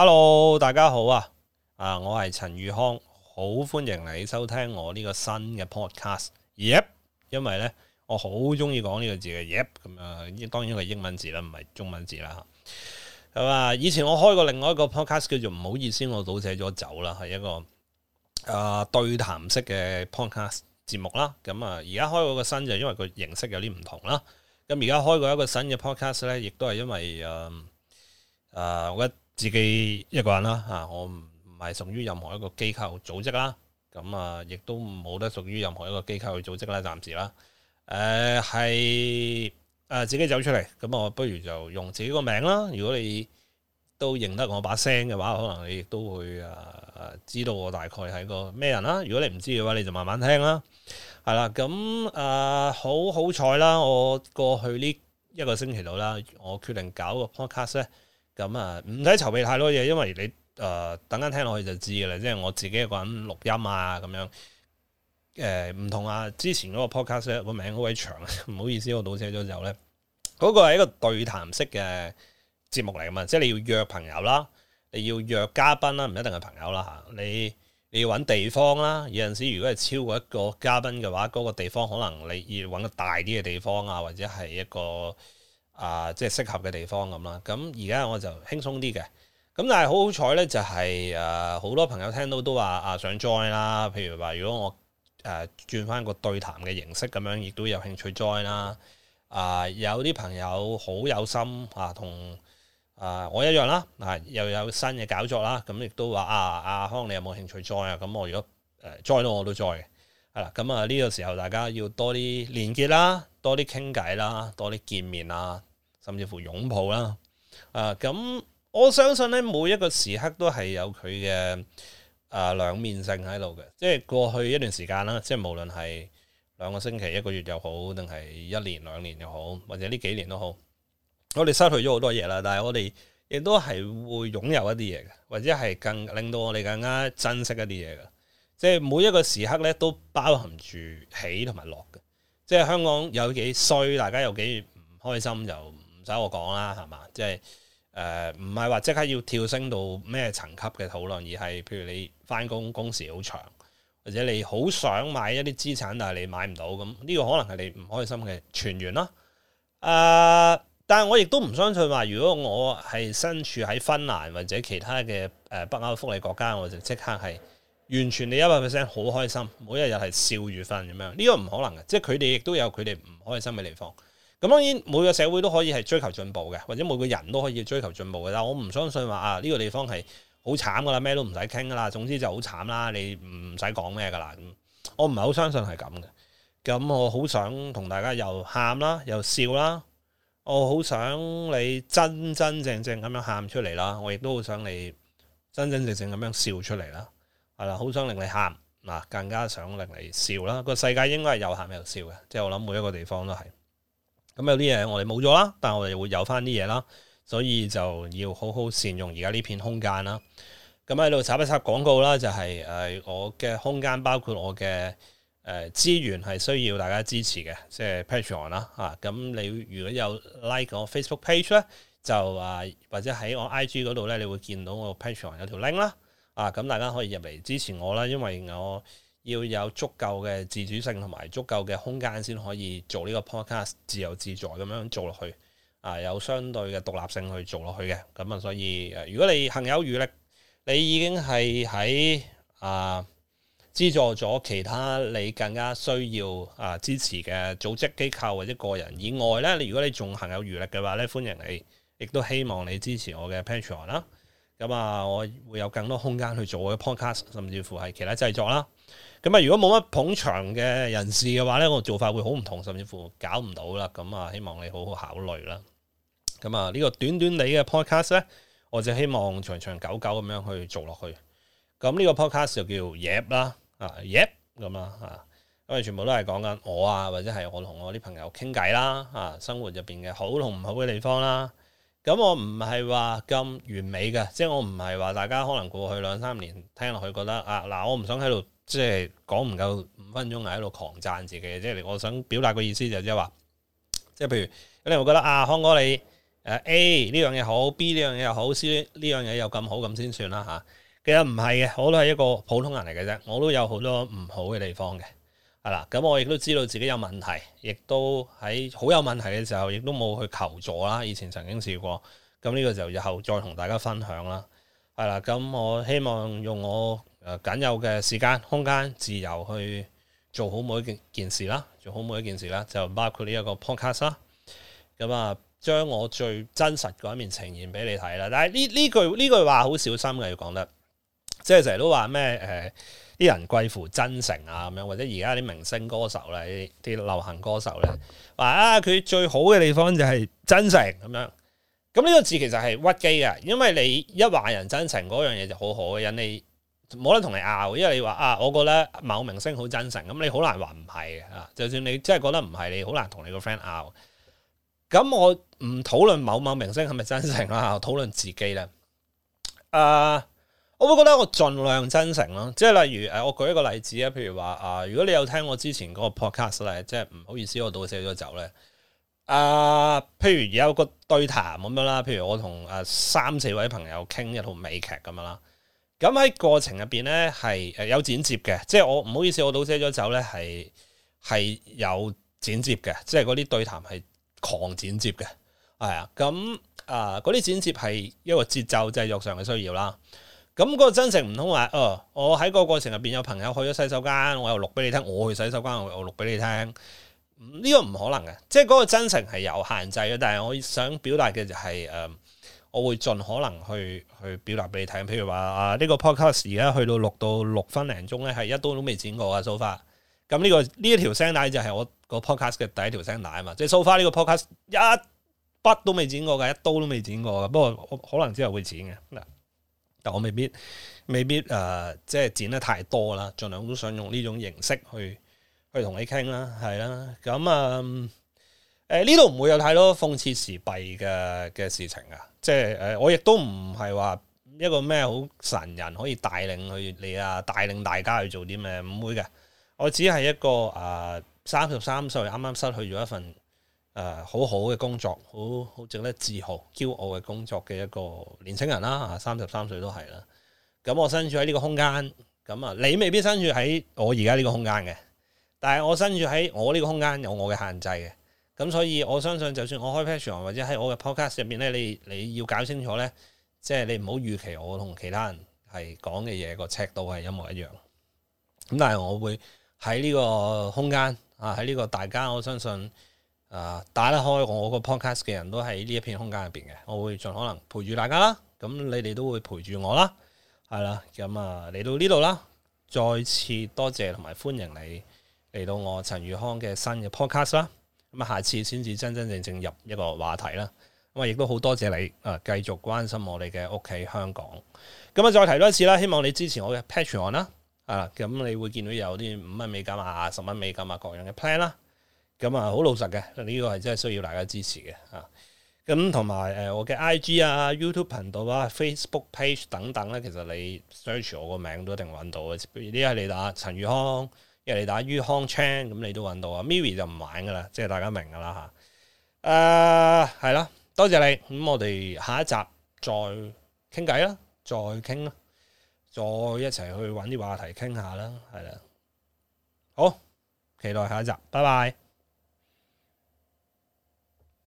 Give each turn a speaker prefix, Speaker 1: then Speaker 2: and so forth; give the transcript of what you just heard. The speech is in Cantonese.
Speaker 1: hello，大家好啊！啊，我係陳宇康，好歡迎你收聽我呢個新嘅 podcast。Yep，因為呢，我好中意講呢個字嘅，yep 咁啊，當然係英文字啦，唔係中文字啦吓。係、啊、以前我開過另外一個 podcast 叫做唔好意思，我倒寫咗走啦，係一個啊對談式嘅 podcast 節目啦。咁啊，而家、啊、開過個新就因為個形式有啲唔同啦。咁而家開過一個新嘅 podcast 呢，亦都係因為誒誒、啊啊我自己一個人啦，啊，我唔唔係屬於任何一個機構組織啦，咁啊，亦都冇得屬於任何一個機構去組織啦，暫時啦，誒係誒自己走出嚟，咁我不如就用自己個名啦。如果你都認得我把聲嘅話，可能你亦都會啊，啊知道我大概係個咩人啦。如果你唔知嘅話，你就慢慢聽啦。係啦，咁啊好好彩啦，我過去呢一個星期度啦，我決定搞個 Podcast 咧。咁啊，唔使籌備太多嘢，因為你誒、呃、等間聽落去就知嘅啦。即係我自己一個人錄音啊，咁樣誒唔、欸、同啊。之前嗰個 podcast 個名好鬼長，唔好意思，我倒車咗之後咧，嗰、那個係一個對談式嘅節目嚟㗎嘛。即係你要約朋友啦，你要約嘉賓啦，唔一定係朋友啦嚇。你你要揾地方啦，有陣時如果係超過一個嘉賓嘅話，嗰、那個地方可能你要揾個大啲嘅地方啊，或者係一個。啊，即係適合嘅地方咁啦。咁而家我就輕鬆啲嘅。咁但係好好彩呢，就係誒好多朋友聽到都話啊想 join 啦。譬如話，如果我誒、啊、轉翻個對談嘅形式咁樣，亦都有興趣 join 啦。啊，有啲朋友好有心啊，同啊我一樣啦。啊，又有新嘅搞作啦。咁亦都話啊，阿、啊、康你有冇興趣 join 啊？咁我如果 join 都、呃、我都 join 嘅。係、啊、啦，咁啊呢、呢個時候大家要多啲連結啦，多啲傾偈啦，多啲見面啦。甚至乎擁抱啦，啊咁我相信咧，每一個時刻都係有佢嘅啊兩面性喺度嘅。即係過去一段時間啦，即係無論係兩個星期、一個月又好，定係一年、兩年又好，或者呢幾年都好，我哋失去咗好多嘢啦。但係我哋亦都係會擁有一啲嘢嘅，或者係更令到我哋更加珍惜一啲嘢嘅。即係每一個時刻咧，都包含住喜同埋樂嘅。即係香港有幾衰，大家有幾唔開心就。使我講啦，係嘛，即係誒，唔係話即刻要跳升到咩層級嘅討論，而係譬如你翻工工時好長，或者你好想買一啲資產但係你買唔到，咁呢個可能係你唔開心嘅泉源咯。誒、呃，但係我亦都唔相信話，如果我係身處喺芬蘭或者其他嘅誒北歐福利國家，我就即刻係完全你一百 percent 好開心，每一日係笑與瞓咁樣，呢、這個唔可能嘅，即係佢哋亦都有佢哋唔開心嘅地方。咁當然每個社會都可以係追求進步嘅，或者每個人都可以追求進步嘅。但我唔相信話啊呢個地方係好慘噶啦，咩都唔使傾噶啦，總之就好慘啦，你唔使講咩噶啦。咁我唔係好相信係咁嘅。咁我好想同大家又喊啦，又笑啦。我好想你真真正正咁樣喊出嚟啦，我亦都好想你真真正正咁樣笑出嚟啦。係啦，好想令你喊，嗱更加想令你笑啦。個世界應該係又喊又笑嘅，即係我諗每一個地方都係。咁有啲嘢我哋冇咗啦，但係我哋會有翻啲嘢啦，所以就要好好善用而家呢片空間啦。咁喺度插一插廣告啦、就是，就係誒我嘅空間包括我嘅誒、呃、資源係需要大家支持嘅，即、就、係、是、Patreon 啦、啊、嚇。咁你如果有 like 我 Facebook page 咧，就啊或者喺我 IG 嗰度咧，你會見到我 Patreon 有條 link 啦。啊咁大家可以入嚟支持我啦，因為我，要有足夠嘅自主性同埋足夠嘅空間，先可以做呢個 podcast，自由自在咁樣做落去。啊，有相對嘅獨立性去做落去嘅。咁啊，所以，啊，如果你行有餘力，你已經係喺啊資助咗其他你更加需要啊支持嘅組織機構或者個人以外呢，你如果你仲行有餘力嘅話呢，歡迎你，亦都希望你支持我嘅 Patreon 啦。咁啊，我會有更多空間去做我嘅 podcast，甚至乎係其他製作啦。咁啊，如果冇乜捧場嘅人士嘅話咧，我做法會好唔同，甚至乎搞唔到啦。咁啊，希望你好好考慮啦。咁啊，呢個短短你嘅 podcast 咧，我就希望長長久久咁樣去做落去。咁呢個 podcast 就叫 Yep 啦，啊 Yep 咁啦，啊，咁為全部都係講緊我啊，或者係我同我啲朋友傾偈啦，啊，生活入邊嘅好同唔好嘅地方啦。咁我唔係話咁完美嘅，即係我唔係話大家可能過去兩三年聽落去覺得啊嗱，我唔想喺度即係講唔夠五分鐘喺度狂讚自己，即係我想表達個意思就即係話，即係譬如你會覺得啊康哥你誒 A 呢樣嘢好，B 呢樣嘢又好，C 呢樣嘢又咁好咁先算啦吓，其實唔係嘅，我都係一個普通人嚟嘅啫，我都有好多唔好嘅地方嘅。係啦，咁、嗯、我亦都知道自己有問題，亦都喺好有問題嘅時候，亦都冇去求助啦。以前曾經試過，咁、這、呢個就日後再同大家分享啦。係、嗯、啦，咁、嗯、我希望用我誒僅有嘅時間、空間、自由去做好每一件事啦，做好每一件事啦，就包括呢一個 podcast 啦。咁啊，將我最真實嗰一面呈現俾你睇啦。但係呢呢句呢句話好小心嘅要講得。即係成日都話咩誒？啲、呃、人貴乎真誠啊，咁樣或者而家啲明星歌手咧，啲流行歌手咧，話啊佢最好嘅地方就係真誠咁樣。咁呢個字其實係屈機嘅，因為你一話人真誠嗰樣嘢就好好嘅，人哋冇得同你拗，因為你話啊，我覺得某明星好真誠，咁你好難話唔係嘅啊。就算你真係覺得唔係，你好難同你個 friend 拗。咁我唔討論某某明星係咪真誠啦，我討論 自己啦。啊、呃！我會覺得我盡量真誠咯，即係例如誒，我舉一個例子啊，譬如話啊，如果你有聽我之前嗰個 podcast 咧，即係唔好意思，我倒瀉咗酒咧，啊、呃，譬如而家有個對談咁樣啦，譬如我同誒三四位朋友傾一套美劇咁樣啦，咁喺過程入邊咧係誒有剪接嘅，即係我唔好意思，我倒瀉咗酒咧係係有剪接嘅，即係嗰啲對談係狂剪接嘅，係啊，咁啊嗰啲剪接係一個節奏製作上嘅需要啦。咁嗰個真誠唔通話，哦，我喺個過程入邊有朋友去咗洗手間，我又錄俾你聽，我去洗手間，我又錄俾你聽，呢、這個唔可能嘅，即係嗰個真誠係有限制嘅。但係我想表達嘅就係、是，誒、呃，我會盡可能去去表達俾你睇。譬如話啊，呢、這個 podcast 而家去到六到六分零鐘咧，係一刀都未剪過啊！so far，咁呢、這個呢一條聲帶就係我個 podcast 嘅第一條聲帶啊嘛。即係 so far 呢個 podcast 一筆都未剪過噶，一刀都未剪過噶。不過可能之後會剪嘅嗱。我未必未必誒、呃，即係剪得太多啦，盡量都想用呢種形式去去同你傾啦，係啦，咁啊誒呢度唔會有太多諷刺時弊嘅嘅事情啊，即係誒、呃、我亦都唔係話一個咩好神人可以帶領去你啊帶領大家去做啲咩唔會嘅，我只係一個誒三十三歲啱啱失去咗一份。誒、啊、好好嘅工作，好好值得自豪、驕傲嘅工作嘅一個年青人啦，嚇三十三歲都係啦。咁、嗯、我身處喺呢個空間，咁、嗯、啊你未必身處喺我而家呢個空間嘅，但係我身處喺我呢個空間有我嘅限制嘅。咁、嗯、所以我相信，就算我開 patreon 或者喺我嘅 podcast 入面咧，你你要搞清楚咧，即、就、係、是、你唔好預期我同其他人係講嘅嘢個尺度係一模一樣。咁、嗯、但係我會喺呢個空間啊，喺呢個大家，我相信。啊！打得開我個 podcast 嘅人都喺呢一片空間入邊嘅，我會盡可能陪住大家啦。咁你哋都會陪住我啦，係啦。咁啊，嚟到呢度啦，再次多謝同埋歡迎你嚟到我陳宇康嘅新嘅 podcast 啦。咁啊，下次先至真真正正入一個話題啦。咁啊，亦都好多謝你啊，繼續關心我哋嘅屋企香港。咁啊，再提多一次啦，希望你支持我嘅 Patreon 啦。啊，咁你會見到有啲五蚊美金啊、十蚊美金啊各樣嘅 plan 啦、啊。咁啊，好老實嘅，呢個係真係需要大家支持嘅吓。咁同埋誒，我嘅 I G 啊、YouTube 頻道啊、Facebook page 等等咧，其實你 search 我個名都一定揾到嘅。比如啲係你打陳宇康，亦係你打宇康 Chan，咁你都揾到啊。Miri 就唔玩噶啦，即係大家明噶啦吓，誒、啊，係啦，多謝你。咁我哋下一集再傾偈啦，再傾啦，再一齊去揾啲話題傾下啦，係啦。好，期待下一集。拜拜。